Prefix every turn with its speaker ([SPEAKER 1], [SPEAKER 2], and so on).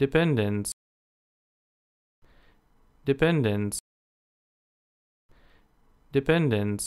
[SPEAKER 1] dependence dependence dependence